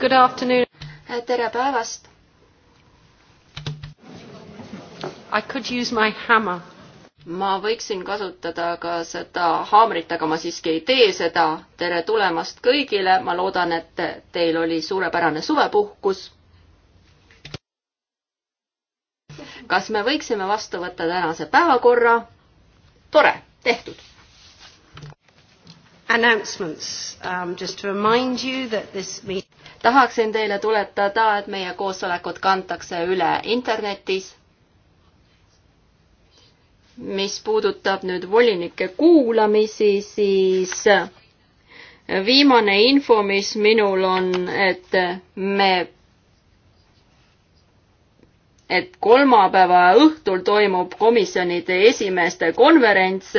Good afternoon. tere päevast. I could use my hammer. ma võiksin kasutada ka seda haamrit, aga ma siiski ei tee seda. tere tulemast kõigile, ma loodan, et teil oli suurepärane suvepuhkus. kas me võiksime vastu võtta tänase päevakorra? tore, tehtud Announcements. Um, just to remind you that this meeting tahaksin teile tuletada, et meie koosolekud kantakse üle internetis. mis puudutab nüüd volinike kuulamisi, siis viimane info, mis minul on, et me et kolmapäeva õhtul toimub komisjonide esimeeste konverents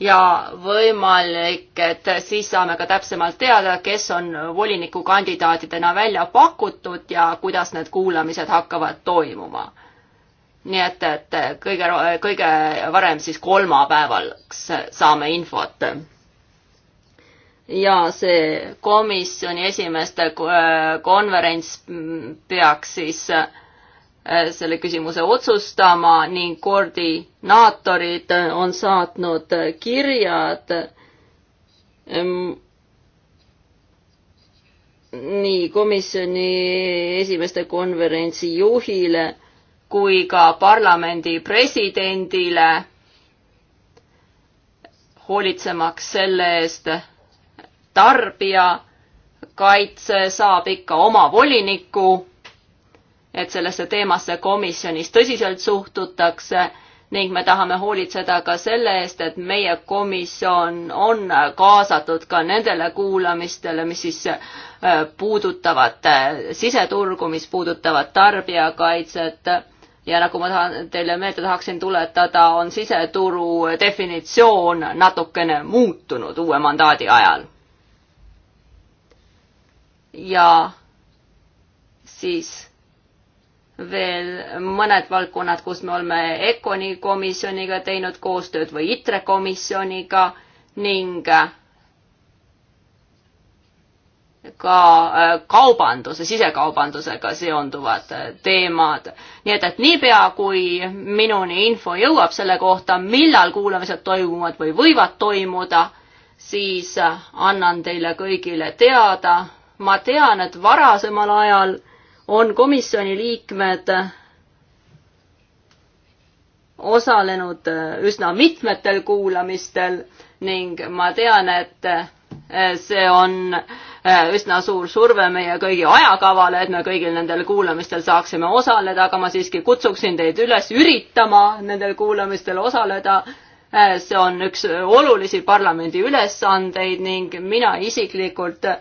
ja võimalik, et siis saame ka täpsemalt teada, kes on volinikukandidaatidena välja pakutud ja kuidas need kuulamised hakkavad toimuma. nii et, et kõige, kõige varem siis kolmapäevaks saame infot ja see komisjoni esimeeste konverents peaks siis äh, Äh, selle küsimuse otsustama ning koordinaatorid on saatnud äh, kirjad ähm, nii komisjoni esimeste konverentsi juhile kui ka parlamendi presidendile hoolitsemaks selle eest tarbijakaitse saab ikka oma voliniku et sellesse teemasse komisjonis tõsiselt suhtutakse ning me tahame hoolitseda ka selle eest, et meie komisjon on kaasatud ka nendele kuulamistele, mis siis äh, puudutavad äh, siseturgu, mis puudutavad tarbijakaitset ja nagu ma tahan teile meelde tahaksin tuletada, on siseturu definitsioon natukene muutunud uue mandaadi ajal. ja siis veel mõned valdkonnad, kus me oleme ECONi komisjoniga teinud koostööd või ITRE komisjoniga ning äh, ka äh, kaubanduse, sisekaubandusega seonduvad äh, teemad. nii et, et niipea, kui minuni info jõuab selle kohta, millal kuulamised toimuvad või võivad toimuda, siis annan teile kõigile teada. ma tean, et varasemal ajal on komisjoni liikmed osalenud üsna mitmetel kuulamistel ning ma tean, et eh, see on eh, üsna suur surve meie kõigi ajakavale, et me kõigil nendel kuulamistel saaksime osaleda, aga ma siiski kutsuksin teid üles üritama nendel kuulamistel osaleda. Eh, see on üks olulisi parlamendi ülesandeid ning mina isiklikult äh,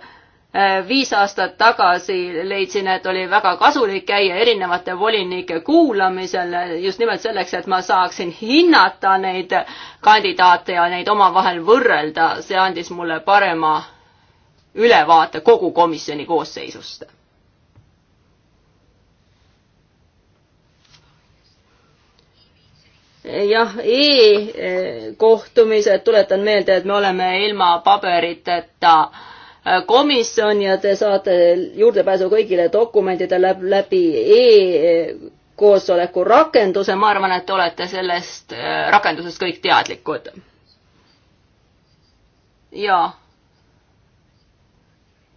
Äh, viis aastat tagasi leidsin, et oli väga kasulik käia erinevate volinike kuulamisel just nimelt selleks, et ma saaksin hinnata neid kandidaate ja neid omavahel võrrelda, see andis mulle parema ülevaate kogu komisjoni koosseisust. jah e, e-kohtumised, tuletan meelde, et me oleme ilma paberiteta äh, komisjon ja te saate juurdepääsu kõigile dokumentidele läbi e-koosoleku rakenduse, ma arvan, et te olete sellest äh, rakendusest kõik teadlikud. jaa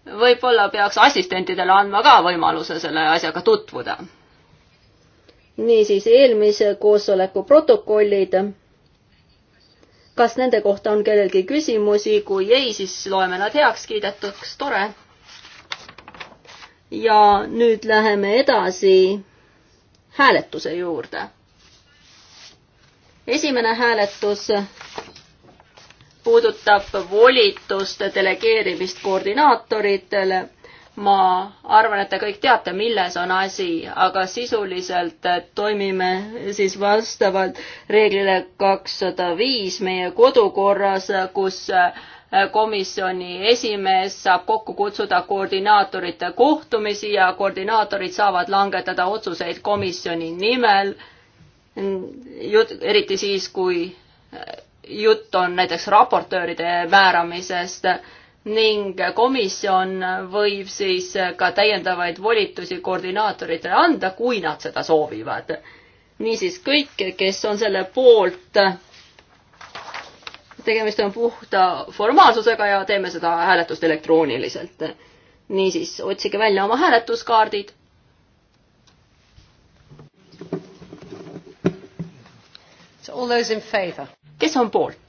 võib-olla peaks assistentidele andma ka võimaluse selle asjaga tutvuda. niisiis, eelmise koosoleku protokollid kas nende kohta on kellelgi küsimusi, kui ei, siis loeme nad heakskiidetuks, tore. ja nüüd läheme edasi hääletuse juurde. esimene hääletus puudutab volituste delegeerimist koordinaatoritele ma arvan, et te kõik teate, milles on asi, aga sisuliselt toimime siis vastavalt reeglile kakssada viis meie kodukorras, kus äh, komisjoni esimees saab kokku kutsuda koordinaatorite kohtumisi ja koordinaatorid saavad langetada otsuseid komisjoni nimel. jutt, eriti siis, kui äh, jutt on näiteks raportööride määramisest ning komisjon võib siis ka täiendavaid volitusi koordinaatoritele anda, kui nad seda soovivad. niisiis kõik, kes on selle poolt, tegemist on puhta formaalsusega ja teeme seda hääletust elektrooniliselt. niisiis, otsige välja oma hääletuskaardid. kes on poolt?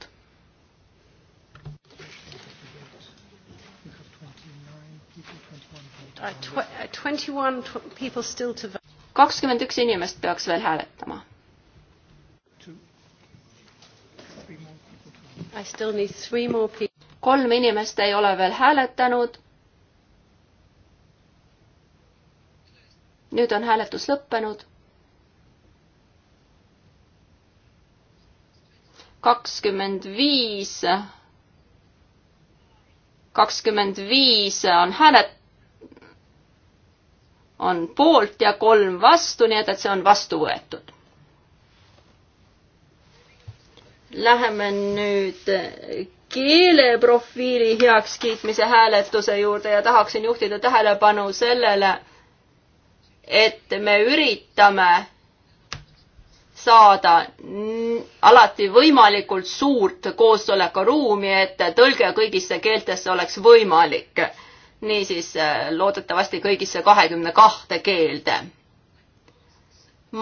kakskümmend üks inimest peaks veel hääletama. kolm inimest ei ole veel hääletanud. nüüd on hääletus lõppenud. kakskümmend viis, kakskümmend viis on häälet-, on poolt ja kolm vastu, nii et, et see on vastu võetud. Läheme nüüd keeleprofiili heakskiitmise hääletuse juurde ja tahaksin juhtida tähelepanu sellele, et me üritame saada alati võimalikult suurt koosolekuruumi, et tõlge kõigisse keeltesse oleks võimalik niisiis äh, loodetavasti kõigisse kahekümne kahte keelde.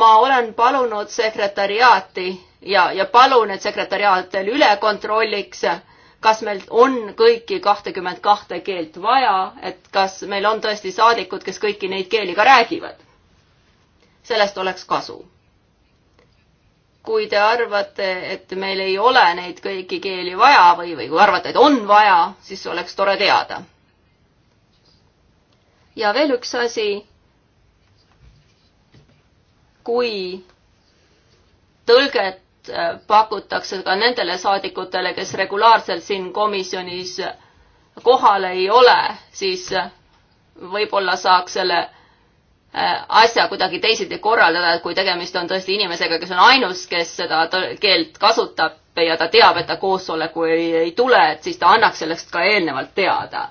ma olen palunud sekretariaati ja, ja palun, et sekretariaat veel üle kontrolliks, kas meil on kõiki kahtekümmet kahte keelt vaja, et kas meil on tõesti saadikud, kes kõiki neid keeli ka räägivad. sellest oleks kasu kui te arvate, et meil ei ole neid kõiki keeli vaja või, või kui arvate, et on vaja, siis oleks tore teada ja veel üks asi. kui tõlget äh, pakutakse ka nendele saadikutele, kes regulaarselt siin komisjonis kohal ei ole, siis äh, võib-olla saaks selle äh, asja kuidagi teisiti korraldada, et kui tegemist on tõesti inimesega, kes on ainus, kes seda keelt kasutab ja ta teab, et ta koosoleku ei, ei tule, et siis ta annaks sellest ka eelnevalt teada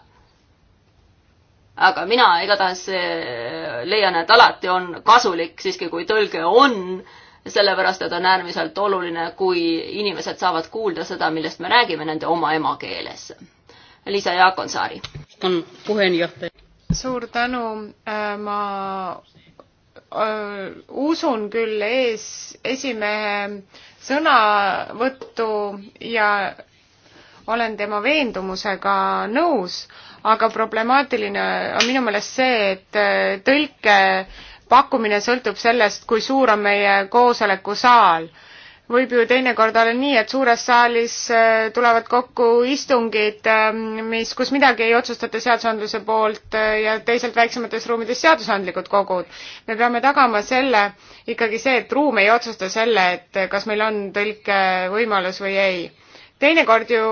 aga mina igatahes eh, leian, et alati on kasulik siiski, kui tõlge on, sellepärast et on äärmiselt oluline, kui inimesed saavad kuulda seda, millest me räägime nende oma emakeeles. Liisa Jaakonsaari. on puheenjohtaja. suur tänu, äh, ma äh, usun küll ees esimehe sõnavõttu ja olen tema veendumusega nõus aga problemaatiline on minu meelest see, et äh, tõlke pakkumine sõltub sellest, kui suur on meie koosoleku saal. võib ju teinekord olla nii, et suures saalis äh, tulevad kokku istungid, ähm, mis, kus midagi ei otsustata seadusandluse poolt äh, ja teisalt väiksemates ruumides seadusandlikud kogud. me peame tagama selle, ikkagi see, et ruum ei otsusta selle, et kas meil on tõlkevõimalus või ei. teinekord ju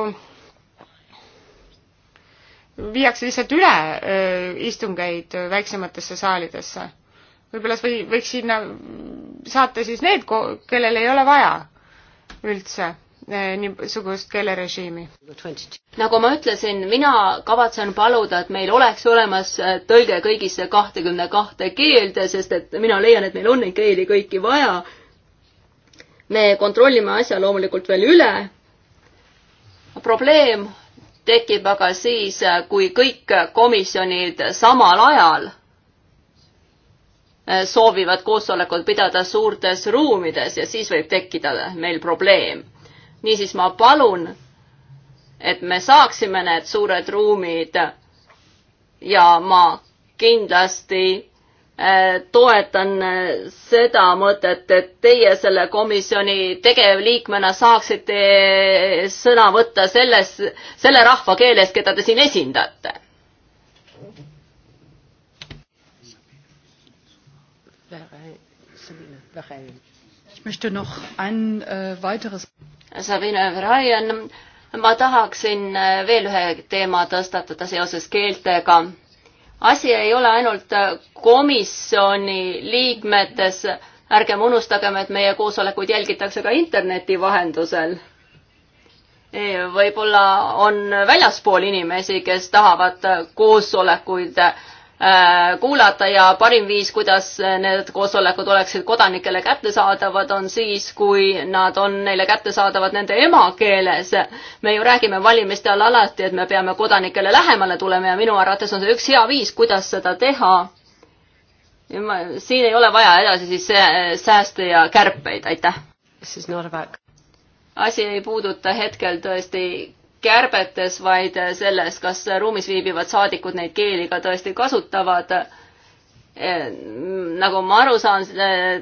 viiakse lihtsalt üle öö, istungeid väiksematesse saalidesse. võib-olla või, võiks sinna saata siis need, kellel ei ole vaja üldse niisugust keelerežiimi. nagu ma ütlesin, mina kavatsen paluda, et meil oleks olemas äh, tõlge kõigisse kahtekümne kahte keelde, sest et mina leian, et meil on neid keeli kõiki vaja. me kontrollime asja loomulikult veel üle. probleem tekib aga siis, kui kõik komisjonid samal ajal soovivad koosolekut pidada suurtes ruumides ja siis võib tekkida meil probleem. niisiis ma palun, et me saaksime need suured ruumid ja ma kindlasti Äh, toetan äh, seda mõtet, et teie selle komisjoni tegevliikmena saaksite äh, sõna võtta selles, selle rahva keeles, keda te siin esindate. Sabine Verheyen, ma tahaksin veel ühe teema tõstatada seoses keeltega asi ei ole ainult äh, komisjoni liikmetes, ärgem unustagem, et meie koosolekuid jälgitakse ka interneti vahendusel. E, võib-olla on väljaspool inimesi, kes tahavad äh, koosolekuid äh, Äh, kuulata ja parim viis, kuidas need koosolekud oleksid kodanikele kättesaadavad, on siis, kui nad on neile kättesaadavad nende emakeeles. me ju räägime valimiste all alati, et me peame kodanikele lähemale tulema ja minu arvates on see üks hea viis, kuidas seda teha. siin ei ole vaja edasi siis äh, sääste ja kärpeid, aitäh. asi ei puuduta hetkel tõesti kärbetes, vaid selles, kas ruumis viibivad saadikud neid keeli ka tõesti kasutavad. nagu ma aru saan,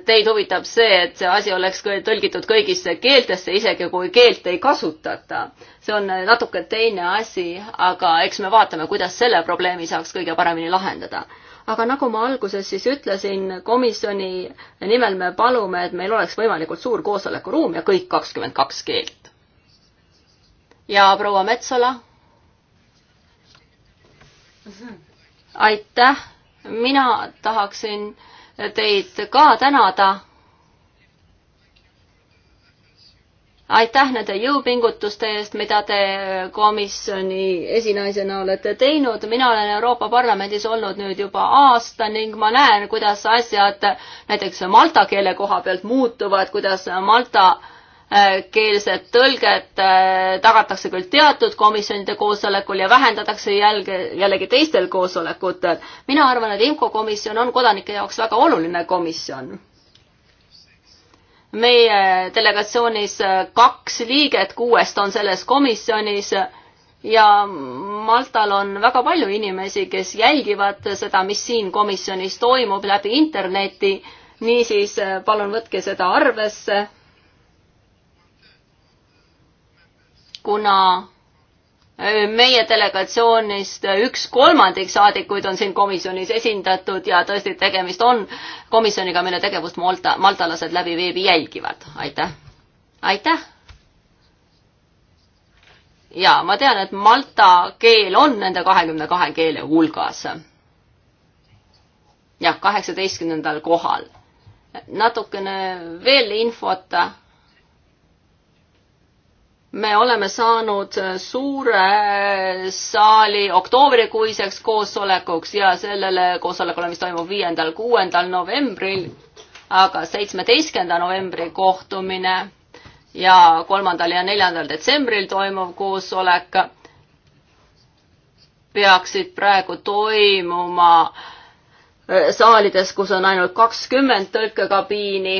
teid huvitab see, et see asi oleks tõlgitud kõigisse keeltesse, isegi kui keelt ei kasutata. see on natuke teine asi, aga eks me vaatame, kuidas selle probleemi saaks kõige paremini lahendada aga nagu ma alguses siis ütlesin, komisjoni nimel me palume, et meil oleks võimalikult suur koosolekuruum ja kõik kakskümmend kaks keelt ja proua Metsola. aitäh, mina tahaksin teid ka tänada. aitäh nende jõupingutuste eest, mida te komisjoni esinaisena olete teinud. mina olen Euroopa Parlamendis olnud nüüd juba aasta ning ma näen, kuidas asjad näiteks malta keele koha pealt muutuvad, kuidas Malta äh, keelset tõlget äh, tagatakse küll teatud komisjonide koosolekul ja vähendatakse jälge, jällegi teistel koosolekutel. mina arvan, et infokomisjon on kodanike jaoks väga oluline komisjon. meie delegatsioonis kaks liiget kuuest on selles komisjonis ja Maltal on väga palju inimesi, kes jälgivad seda, mis siin komisjonis toimub läbi interneti. niisiis palun võtke seda arvesse kuna äh, meie delegatsioonist äh, üks kolmandik saadikuid on siin komisjonis esindatud ja tõesti, tegemist on komisjoniga, mille tegevust Malta, maltalased läbi veebi jälgivad. aitäh! aitäh! ja ma tean, et malta keel on nende kahekümne kahe keele hulgas. jah, kaheksateistkümnendal kohal. natukene veel infot me oleme saanud suure saali oktoobrikuiseks koosolekuks ja sellele koosolekule, mis toimub viiendal, kuuendal novembril, aga seitsmeteistkümnenda novembri kohtumine ja kolmandal ja neljandal detsembril toimuv koosolek peaksid praegu toimuma eh, saalides, kus on ainult kakskümmend tõlkekabiini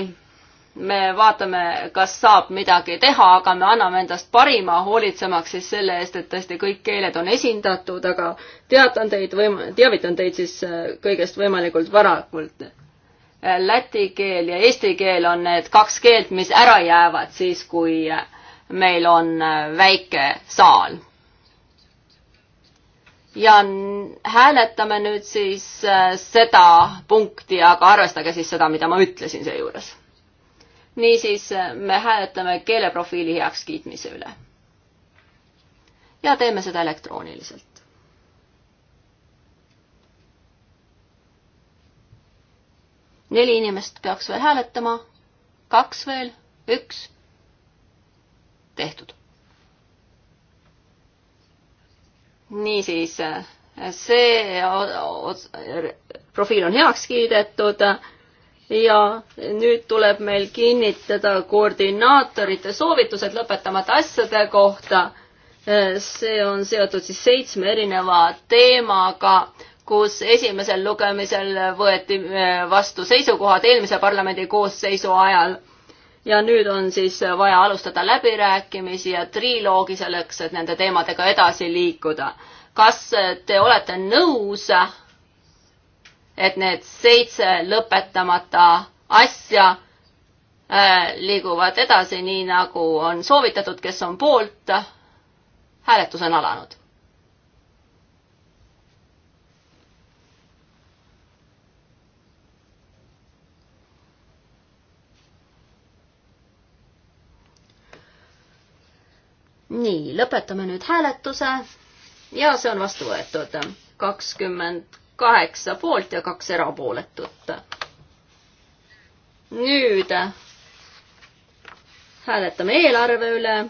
me vaatame, kas saab midagi teha, aga me anname endast parima, hoolitsemaks siis selle eest, et tõesti kõik keeled on esindatud, aga teatan teid võim-, teavitan teid siis äh, kõigest võimalikult varakult. Äh, läti keel ja eesti keel on need kaks keelt, mis ära jäävad siis, kui äh, meil on väike saal. ja hääletame nüüd siis seda punkti, aga arvestage siis seda, mida ma ütlesin seejuures niisiis me hääletame keeleprofiili heakskiitmise üle. ja teeme seda elektrooniliselt. neli inimest peaks veel hääletama, kaks veel, üks. tehtud. niisiis, see profiil on heaks kiidetud ja nüüd tuleb meil kinnitada koordinaatorite soovitused lõpetamata asjade kohta. see on seotud siis seitsme erineva teemaga, kus esimesel lugemisel võeti eh, vastu seisukohad eelmise parlamendi koosseisu ajal. ja nüüd on siis vaja alustada läbirääkimisi ja triloogi selleks, et nende teemadega edasi liikuda. kas te olete nõus et need seitse lõpetamata asja äh, liiguvad edasi nii, nagu on soovitatud, kes on poolt. hääletus on alanud. nii, lõpetame nüüd hääletuse ja see on vastu võetud kakskümmend kaheksa poolt ja kaks erapooletut. nüüd hääletame eelarve üle.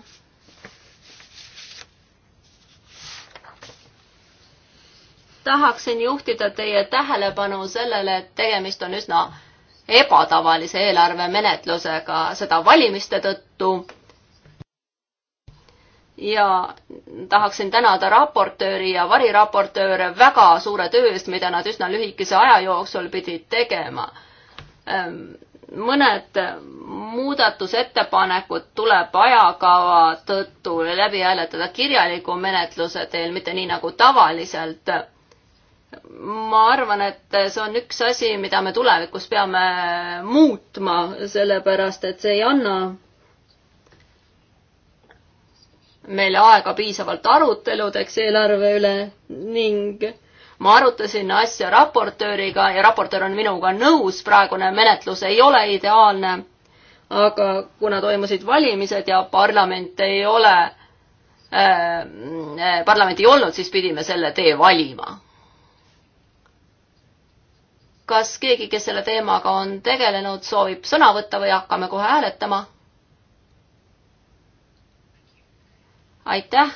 tahaksin juhtida teie tähelepanu sellele, et tegemist on üsna ebatavalise eelarvemenetlusega, seda valimiste tõttu ja tahaksin tänada raportööri ja variraportööre väga suure töö eest, mida nad üsna lühikese aja jooksul pidid tegema. Ehm, mõned muudatusettepanekud tuleb ajakava tõttu läbi hääletada kirjaliku menetluse teel, mitte nii nagu tavaliselt. ma arvan, et see on üks asi, mida me tulevikus peame muutma, sellepärast et see ei anna meile aega piisavalt aruteludeks eelarve üle ning ma arutasin asja raportööriga ja raportöör on minuga nõus, praegune menetlus ei ole ideaalne. aga kuna toimusid valimised ja parlament ei ole äh,, äh parlament ei olnud, siis pidime selle tee valima kas keegi, kes selle teemaga on tegelenud, soovib sõna võtta või hakkame kohe hääletama? aitäh,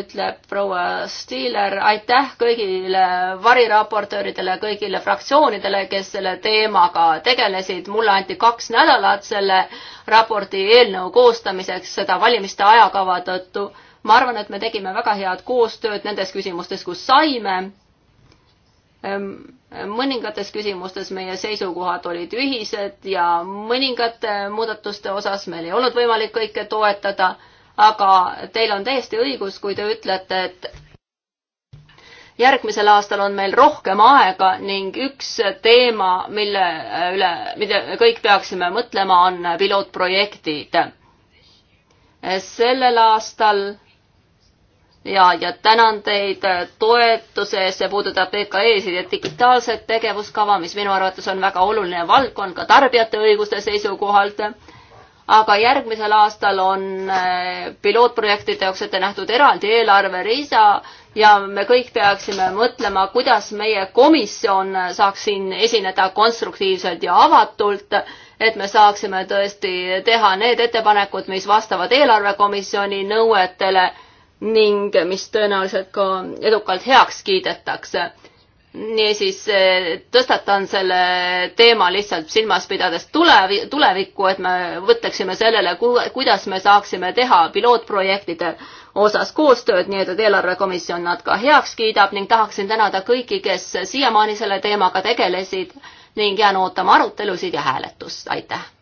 ütleb proua Stiiler, aitäh kõigile variraportööridele, kõigile fraktsioonidele, kes selle teemaga tegelesid. mulle anti kaks nädalat selle raporti eelnõu koostamiseks, seda valimiste ajakava tõttu. ma arvan, et me tegime väga head koostööd nendes küsimustes, kus saime mõningates küsimustes meie seisukohad olid ühised ja mõningate muudatuste osas meil ei olnud võimalik kõike toetada, aga teil on täiesti õigus, kui te ütlete, et järgmisel aastal on meil rohkem aega ning üks teema, mille üle, mida kõik peaksime mõtlema, on pilootprojektid. sellel aastal ja, ja tänan teid toetuse eest, see puudutab EKE-sid ja digitaalset tegevuskava, mis minu arvates on väga oluline valdkond ka tarbijate õiguste seisukohalt. aga järgmisel aastal on eh, pilootprojektide jaoks ette nähtud eraldi eelarverisa ja me kõik peaksime mõtlema, kuidas meie komisjon saaks siin esineda konstruktiivselt ja avatult et me saaksime tõesti teha need ettepanekud, mis vastavad eelarvekomisjoni nõuetele ning mis tõenäoliselt ka edukalt heaks kiidetakse. niisiis eh, tõstatan selle teema lihtsalt silmas pidades tulevi-, tulevikku, et me mõtleksime sellele, kuidas me saaksime teha pilootprojektide osas koostööd, nii et eelarvekomisjon nad ka heaks kiidab ning tahaksin tänada kõiki, kes siiamaani selle teemaga tegelesid ning jään ootama arutelusid ja hääletust, aitäh!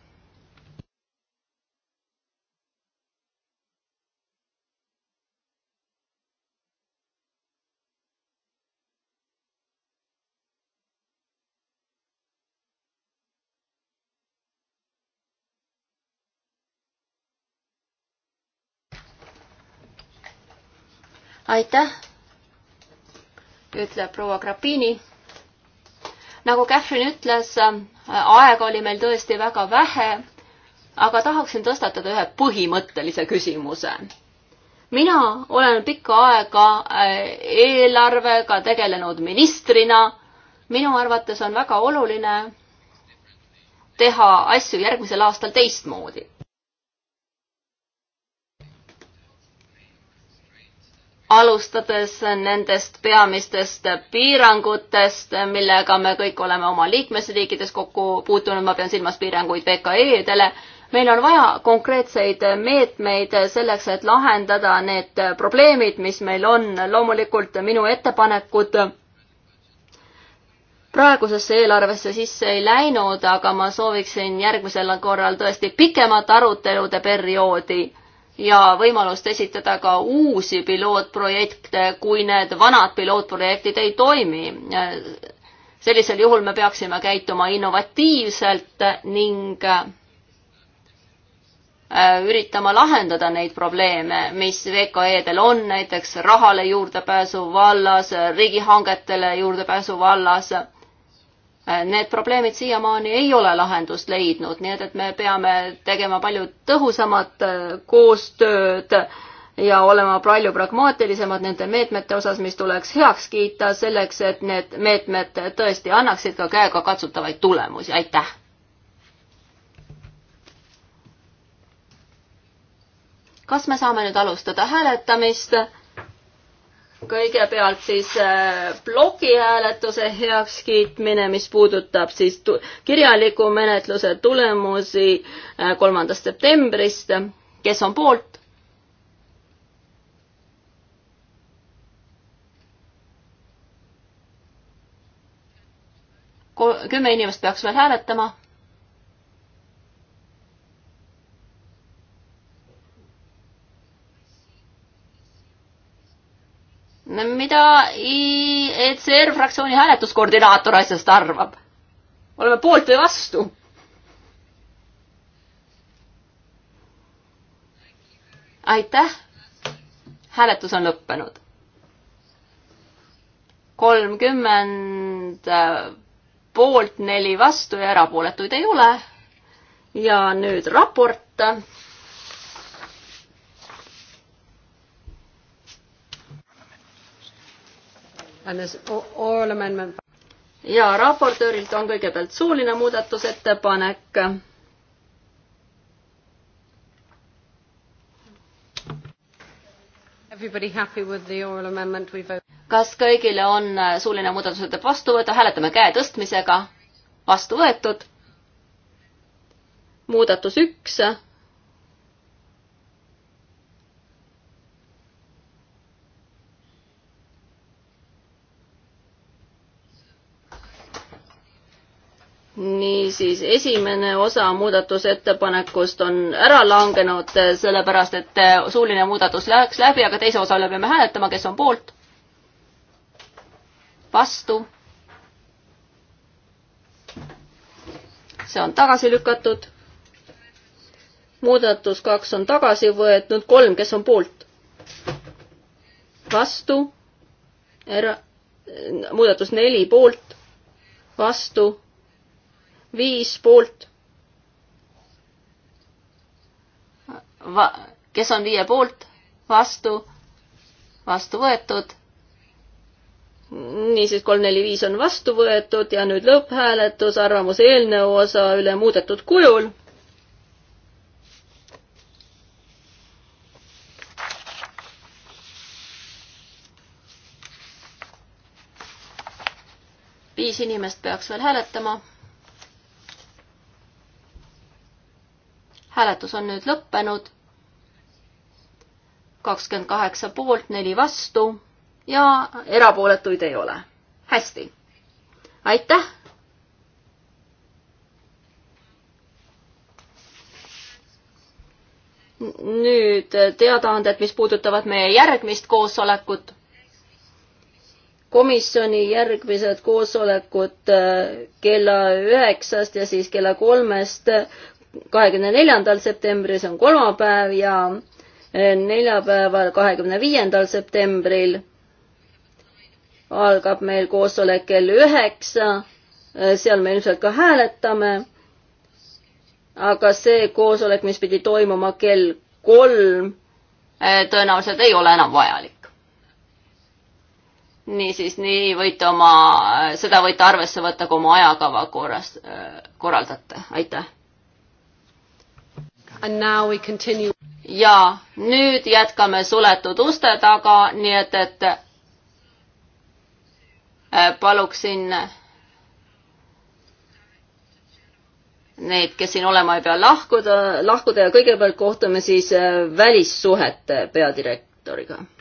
aitäh, ütleb proua Grapini. nagu Catherine ütles, aega oli meil tõesti väga vähe, aga tahaksin tõstatada ühe põhimõttelise küsimuse. mina olen pikka aega äh, eelarvega tegelenud ministrina. minu arvates on väga oluline teha asju järgmisel aastal teistmoodi alustades nendest peamistest piirangutest, millega me kõik oleme oma liikmesriikides kokku puutunud, ma pean silmas piiranguid VKE-dele, meil on vaja konkreetseid meetmeid selleks, et lahendada need probleemid, mis meil on, loomulikult minu ettepanekud praegusesse eelarvesse sisse ei läinud, aga ma sooviksin järgmisel korral tõesti pikemat arutelude perioodi ja võimalust esitada ka uusi pilootprojekte, kui need vanad pilootprojektid ei toimi. sellisel juhul me peaksime käituma innovatiivselt ning äh, üritama lahendada neid probleeme, mis VKE-del on, näiteks rahale juurdepääsu vallas, riigihangetele juurdepääsu vallas Äh, need probleemid siiamaani ei ole lahendust leidnud, nii et, et me peame tegema palju tõhusamat äh, koostööd ja olema palju pragmaatilisemad nende meetmete osas, mis tuleks heaks kiita selleks, et need meetmed tõesti annaksid ka käegakatsutavaid tulemusi, aitäh! kas me saame nüüd alustada hääletamist? kõigepealt siis plokihääletuse äh, heakskiitmine, mis puudutab siis kirjaliku menetluse tulemusi äh, kolmandast septembrist. kes on poolt? kümme inimest peaks veel hääletama mida ECR fraktsiooni hääletuskoordinaator asjast arvab. oleme poolt või vastu? aitäh. hääletus on lõppenud. kolmkümmend äh, poolt, neli vastu ja erapooletuid ei ole. ja nüüd raport ja raportöörilt on kõigepealt suuline muudatusettepanek. kas kõigile on äh, suuline muudatusettepanek vastu võtta, hääletame käe tõstmisega. vastu võetud. muudatus üks niisiis, esimene osa muudatusettepanekust on ära langenud, sellepärast et äh, suuline muudatus läheks läbi, aga teise osa üle peame hääletama, kes on poolt? vastu? see on tagasi lükatud. muudatus kaks on tagasi võetud, kolm, kes on poolt? vastu? era-, muudatus neli poolt, vastu viis poolt. kes on viie poolt, vastu, vastu võetud. niisiis, kolm, neli, viis on vastu võetud ja nüüd lõpphääletus arvamuse eelnõu osa üle muudetud kujul viis inimest peaks veel hääletama hääletus on nüüd lõppenud. kakskümmend kaheksa poolt, neli vastu ja erapooletuid ei ole. hästi. aitäh. nüüd teadaanded, mis puudutavad meie järgmist koosolekut. komisjoni järgmised koosolekud äh, kella üheksast ja siis kella kolmest kahekümne neljandal septembril, see on kolmapäev ja eh, neljapäeval, kahekümne viiendal septembril algab meil koosolek kell üheksa, eh, seal me ilmselt ka hääletame. aga see koosolek, mis pidi toimuma kell kolm, eh, tõenäoliselt ei ole enam vajalik. niisiis, nii võite oma, seda võite arvesse võtta, kui oma ajakava korras, korraldate, aitäh ja nüüd jätkame suletud uste taga, nii et, et äh, paluksin need, kes siin olema ei pea, lahkuda, lahkuda ja kõigepealt kohtume siis äh, välissuhete peadirektoriga